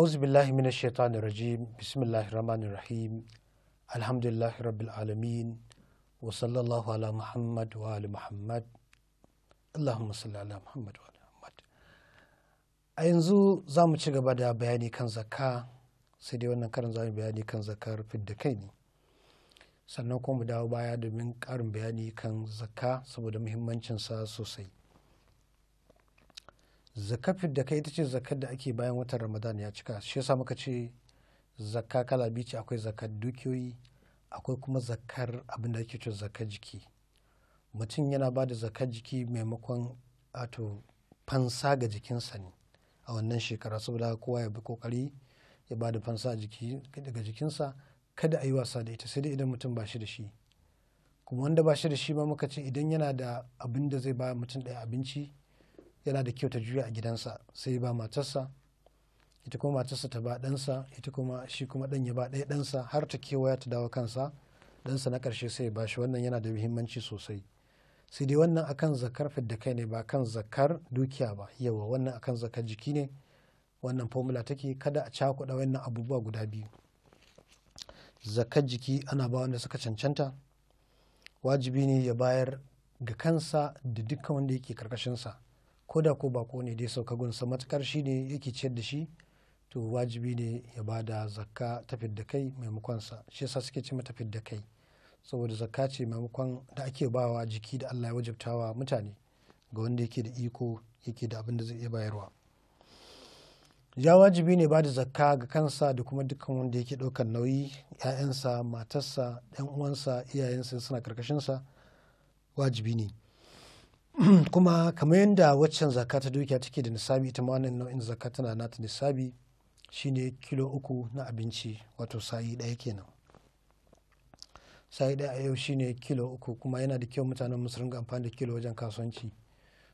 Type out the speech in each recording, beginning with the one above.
a'udhu billahi minash shaitanir rahmanir rahim alhamdulillahi rabbil alamin a yanzu za mu ci gaba da bayani kan zakka sai dai wannan karin za mu bayani kan zakkar fidda kai ne sannan kuma mu dawo baya mun karin bayani kan zakka saboda muhimmancinsa sosai zakafin da kai ita ce zakar da ake bayan watan ramadan ya cika shi yasa muka ce zakka kala biyu ce akwai zakar dukiyoyi akwai kuma zakar abinda da ake ce zakar jiki mutum yana ba da zakar jiki maimakon ato fansa ga jikinsa ne a wannan shekara saboda kowa ya bi kokari ya ba da fansa daga jikinsa kada a yi wasa da ita sai dai idan mutum ba shi da shi kuma wanda ba shi da shi ba muka ce idan yana da abin da zai ba mutum ɗaya abinci yana da kyau ta juya a gidansa sai ba matarsa ita kuma matarsa ta ba ɗansa ita kuma shi kuma ɗan ya ba ɗaya ɗansa har ta kewaya ta dawo kansa ɗansa na ƙarshe sai ya bashi wannan yana da muhimmanci sosai sai dai wannan akan zakar fidda kai ne ba kan zakar dukiya ba yawa wannan akan zakar jiki ne wannan formula take kada a cakuɗa wannan abubuwa guda biyu zakar jiki ana ba wanda suka cancanta wajibi ne ya bayar ga kansa da dukkan wanda yake karkashinsa ko da ko bako ne dai sauka gunsa matukar shi ne yake ciyar da shi to wajibi ne ya ba da zakka ta fidda kai maimakon sa shi yasa suke ce mata fidda kai saboda zakka ce maimakon da ake bawa jiki da Allah ya wa mutane ga wanda yake da iko yake da abin da zai iya bayarwa ya wajibi ne ba da zakka ga kansa da kuma dukkan wanda yake ɗaukar nauyi 'ya'yansa matarsa ɗan uwansa iyayensa suna karkashinsa wajibi ne kuma kamar yadda waccan zakka ta dukiya take da nisabi ita ma wannan nau'in zakka tana nata nisabi shine kilo uku na abinci wato sa'i ɗaya kenan sa'i ɗaya a yau shine kilo uku kuma yana da kyau mutanen su ga amfani da kilo wajen kasuwanci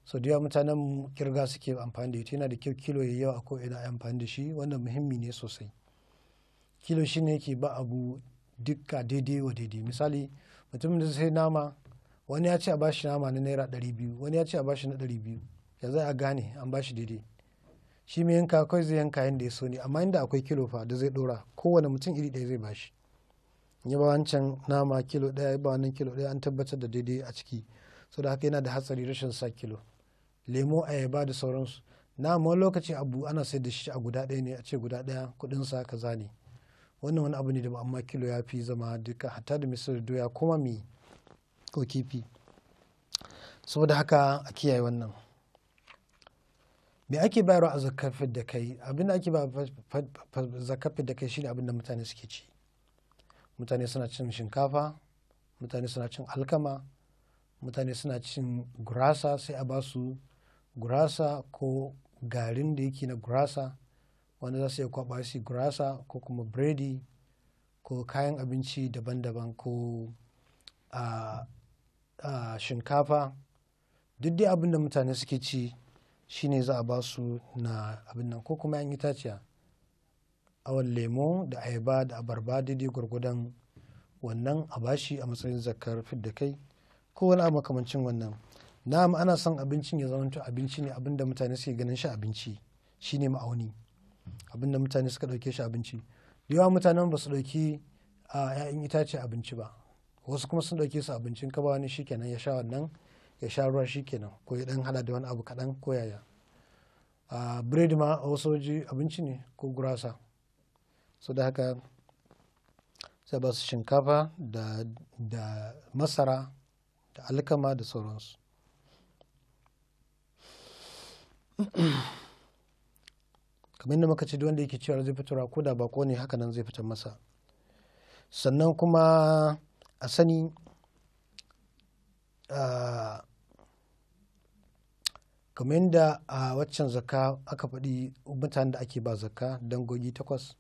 so da yawa mutanen kirga suke amfani da ita yana da kyau kilo ya yawa a ko ina amfani da shi wannan muhimmi ne sosai kilo shine yake ba abu dukka daidai wa daidai misali mutumin da sai nama wani ya ce a bashi nama na naira ɗari biyu wani ya ce a bashi na ɗari biyu ya za a gane an bashi daidai shi mai yanka kawai zai yanka yadda ya so ne amma inda akwai kilo fa da zai ɗora kowane mutum iri ɗaya zai bashi ya ba wancan nama kilo ɗaya ya ba wannan kilo ɗaya an tabbatar da daidai a ciki so da haka yana da hatsari rashin sa kilo lemo ayaba da sauransu na wani lokaci abu ana sai da shi a guda ɗaya ne a ce guda ɗaya kuɗin sa kaza ne wannan wani abu ne da amma kilo ya fi zama duka hatta da misali doya kuma mi ko kifi saboda haka a kiyaye wannan me ake bayarwa a zakafin da kai abin da ake ba zakafin da kai shine abin da mutane suke ci mutane suna cin shinkafa mutane suna cin alkama mutane suna cin gurasa sai a ba su gurasa ko garin da yake na gurasa wanda za su iya kwaba shi gurasa ko kuma biredi ko kayan abinci daban-daban ko a ah, shinkafa duk dai abin da mutane suke ci shine za a ba su na abin nan ko kuma 'yan itaciya awon lemo da ayaba da abarba daidai gwargwadon wannan a bashi a matsayin zakar fidda kai ko wani abu makamancin wannan na ana son abincin ya zamanto abinci ne abin da mutane suke ganin shi abinci shine ma'auni abin da mutane suka ɗauke shi abinci da yawa mutanen ba su ɗauki a 'ya'yan itace abinci ba wasu kuma sun dauke su abincin kaba ba wani shikenan ya sha wannan ya sha ruwa shikenan ko ya dan hada da wani abu kaɗan ko yaya a bread ma a wasu waje abinci ne ko gurasa so da haka sai ba su shinkafa da, masara da alkama da sauransu kamar da muka ce wanda yake cewa zai fitura ko da bako ne haka nan zai fitar masa sannan kuma a sani kamar yadda a waccan zakka aka faɗi mutanen da ake ba zakka dangogi takwas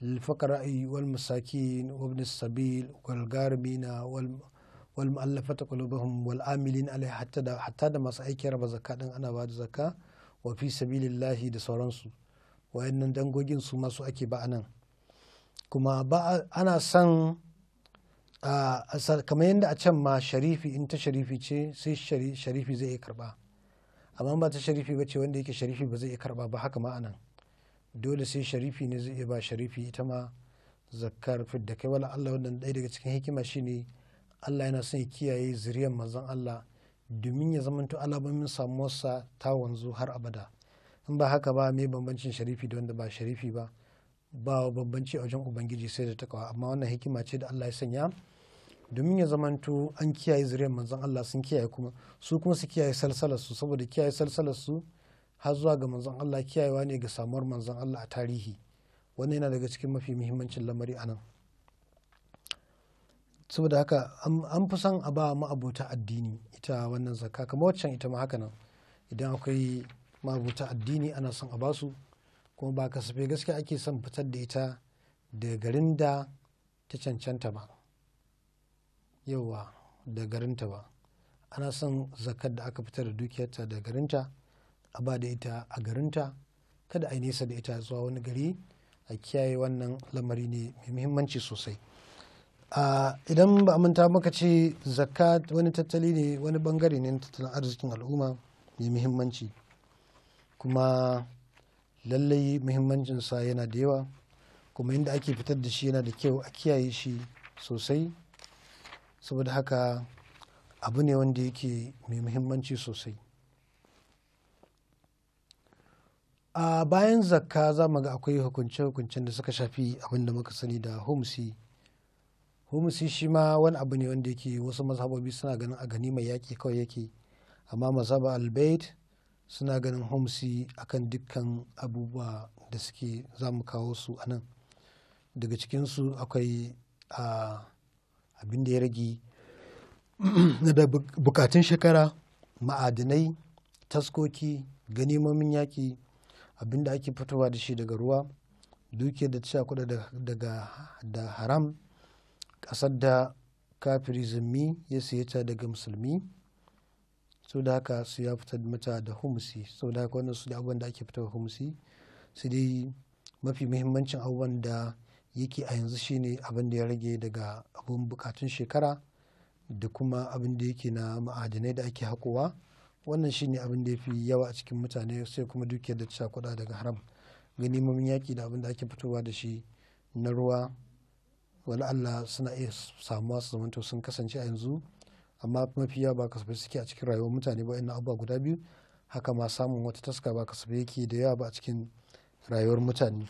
الفقراء والمساكين وابن na wal والمؤلفة قلوبهم والعاملين wal amilin alai hatta da masu aiki raba zakka din ana ba da zakka wa fi sabilillahi da sauransu wayannan dangogin su masu ake ba anan kuma ba ana son kamar yadda a can ma sharifi in ta sharifi ce sai sharifi zai iya karba amma ba ta sharifi ba ce wanda yake sharifi ba zai iya karba ba haka ma'anan dole sai sharifi ne zai iya ba sharifi ita ma zakkar fidda kai wala Allah wannan ɗaya daga cikin hikima shine Allah yana son ya kiyaye zuriyar manzon Allah domin ya zamanto alamomin samuwarsa ta wanzu har abada in ba haka ba me bambancin sharifi da wanda ba sharifi ba ba bambanci a wajen ubangiji sai da takawa amma wannan hikima ce da Allah ya sanya domin ya zamanto an kiyaye zuriyar manzon Allah sun kiyaye kuma su kuma su kiyaye salsalar su saboda kiyaye salsalar su har zuwa ga manzon Allah kiyayewa ne ga samuwar manzon Allah a tarihi wannan yana daga cikin mafi muhimmancin lamari anan saboda haka an fi son a ba ma'abota addini ita wannan zakka kamar waccan ita ma haka nan idan akwai ma'abota addini ana son a basu kuma ba kasafai gaskiya ake son fitar da ita da garin da ta cancanta ba yawa da garinta ba ana son zakar da aka fitar da dukiyarta da garinta a ba da ita a garinta kada a yi nesa da ita zuwa wani gari a kiyaye wannan lamari ne mai muhimmanci sosai idan ba manta maka ce zakka wani tattali ne wani bangare ne na tattalin arzikin al'umma mai muhimmanci kuma lallai muhimmancinsa yana da yawa kuma inda ake fitar da shi yana da kyau a kiyaye shi sosai saboda haka abu ne wanda yake mai muhimmanci sosai a bayan zakka za mu ga akwai hukunce-hukuncen da suka shafi abin da muka sani da homsi homsi shi ma wani abu ne wanda yake wasu mazhabobi suna ganin a gani mai yaƙi kawai yake amma mazhab albait suna ganin homsi akan dukkan abubuwa da suke za mu kawo su a nan daga cikinsu akwai a abin da ya rage na da bukatun shekara ma'adinai taskoki ganimomin yaƙi abin da ake fitowa da shi daga ruwa dukiya da ta kuɗa daga da haram ƙasar da kafiri zummi ya siye ta daga musulmi sau da haka su ya fitar mata da humusi sau da haka wannan su da abubuwan da ake fitar humusi su dai mafi muhimmancin abubuwan da yake a yanzu shine abin da ya rage daga abin bukatun shekara da kuma abin da yake na ma'adinai da ake hakowa wannan shine abin da ya fi yawa a cikin mutane sai kuma dukiyar da ta kuɗa daga haram ganimomin yaƙi da abin da ake fitowa da shi na ruwa wani Allah suna iya samuwa su zama sun kasance a yanzu amma mafiya ba kasafai suke a cikin rayuwar mutane ba ina abubuwa guda biyu haka ma samun wata taska ba kasafai yake da yawa ba a cikin rayuwar mutane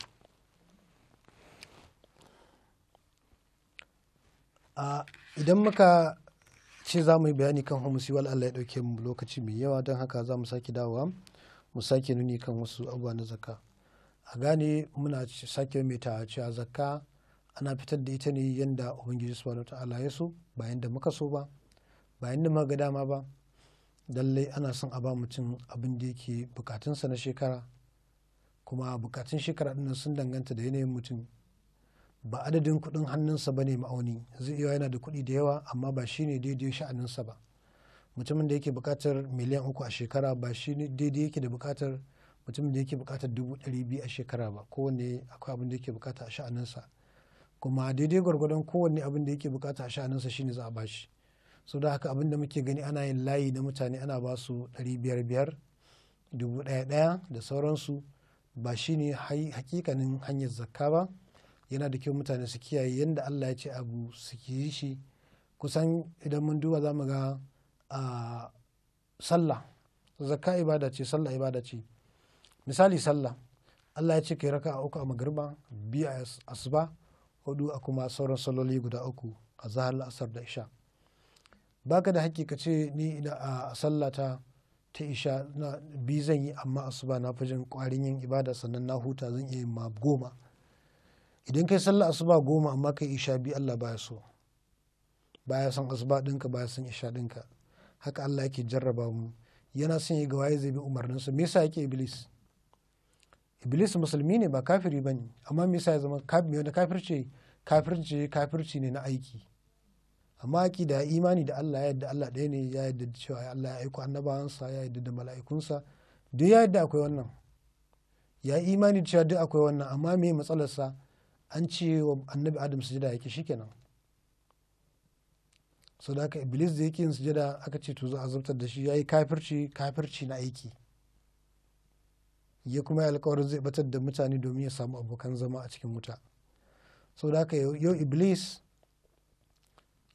a idan muka ce za mu yi bayani kan homosi wal Allah ya ɗauke mu lokaci mai yawa don haka za mu sake dawowa mu sake nuni kan wasu abubuwa na zakka a gane muna sake mai ta cewa zakka ana fitar da ita ne yanda ubangiji subhanahu ta'ala ya so ba yanda muka so ba ba yanda muka ga dama ba lallai ana son a ba mutum abin da yake bukatunsa na shekara kuma bukatun shekara ɗin sun danganta da yanayin mutum ba adadin kudin hannunsa ba ne ma'auni zai iya yana da kuɗi da yawa amma ba shi ne daidai sha'aninsa ba mutumin da yake buƙatar miliyan uku a shekara ba shi ne daidai yake da buƙatar mutumin da yake buƙatar dubu ɗari biyu a shekara ba kowanne akwai abin da yake buƙata a sha'aninsa kuma daidai gwargwadon kowanne abin da yake buƙata a sha'aninsa shine za a bashi so da haka abin da muke gani ana yin layi na mutane ana ba su ɗari biyar biyar dubu ɗaya ɗaya da sauransu ba shine hakikanin hanyar zakka ba yana da kyau mutane su kiyaye yadda Allah ya ce abu su yi shi kusan idan mun duba za mu ga a sallah zakka ibada ce sallah ibada ce misali sallah Allah ya ce kai raka a uku a magriba biyu a asuba hudu a kuma sauran saloli guda uku a zahar la'asar da isha baka da haƙƙi ka ce ni idan a sallah ta ta isha na bi zan yi amma asuba na fi jin ƙwarin yin ibada sannan na huta zan iya yin ma goma idan kai sallah asuba goma amma kai isha biyu Allah baya so baya son asuba ɗinka baya son isha dinka haka Allah yake jarraba mu yana son ya gawaye zai bi su me yasa yake iblis iblis musulmi ne ba kafiri ba ne amma me yasa ya zama kafiri wanda kafirce kafirce kafirci ne na aiki amma aki da imani da Allah ya yadda Allah ɗaya ne ya yadda cewa Allah ya aiko annabawansa ya yadda da mala'ikunsa duk ya yadda akwai wannan ya imani cewa duk akwai wannan amma me matsalarsa an ce wa annabi adam sujada yake shikenan sau da aka iblis da yake yin sujada aka ce to za a zartar da shi ya yi kafirci kafirci na aiki ya kuma yi alkawarin zai batar da mutane domin ya samu abokan zama a cikin wuta sau da aka yau iblis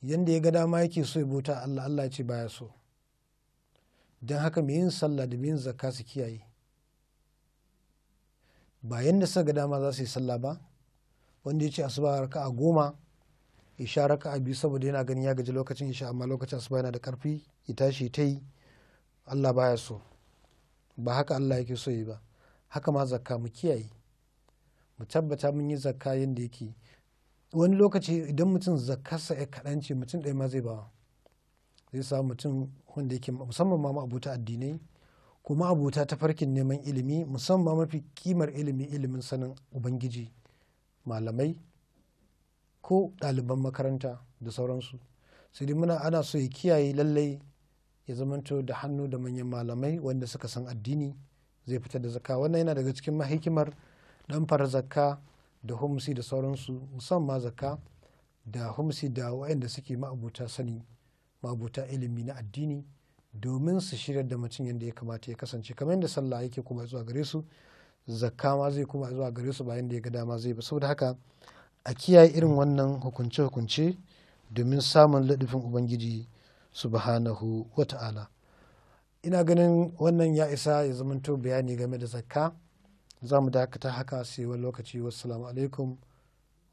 yadda ya ga dama yake so ya bauta Allah Allah ya ce baya so don haka mai yin sallah da mai yin zakka su kiyaye ba yadda sa ga dama za su yi sallah ba wanda ya ce asuba raka'a goma ya sha raka'a biyu saboda yana ganin ya gaji lokacin isha amma lokacin asuba yana da karfi ya tashi ta yi Allah baya so ba haka Allah yake so yi ba haka ma zakka mu kiyaye mu tabbata mun yi zakka yadda yake wani lokaci idan mutum zakkarsa ya kaɗan ce mutum ɗaya ma zai bawa zai samu mutum wanda yake musamman ma abota addinai kuma abota ta farkin neman ilimi musamman mafi kimar ilimi ilimin sanin ubangiji malamai ko ɗaliban makaranta da sauransu sai muna ana so ya kiyaye lallai ya zamanto da hannu da manyan malamai wanda suka san addini zai fitar da zakka wannan yana daga cikin mahikimar dan fara zakka da humsi da sauransu musamman zakka da humsi da wayanda suke ma'abuta sani ma'abuta ilimi na addini domin su shirya da mutum yadda ya kamata ya kasance kamar yadda sallah yake kuma zuwa gare su zakka ma zai kuma zuwa gare su bayan da ya ga dama zai ba saboda haka a kiyaye irin wannan hukunce-hukunce domin samun ladufin ubangiji subhanahu wata'ala ina ganin wannan ya isa ya zamanto bayani game da zakka za mu dakata haka sai wani lokaci wassalamu alaikum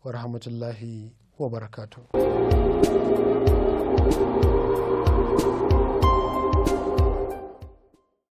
wa rahmatullahi wa barakatuh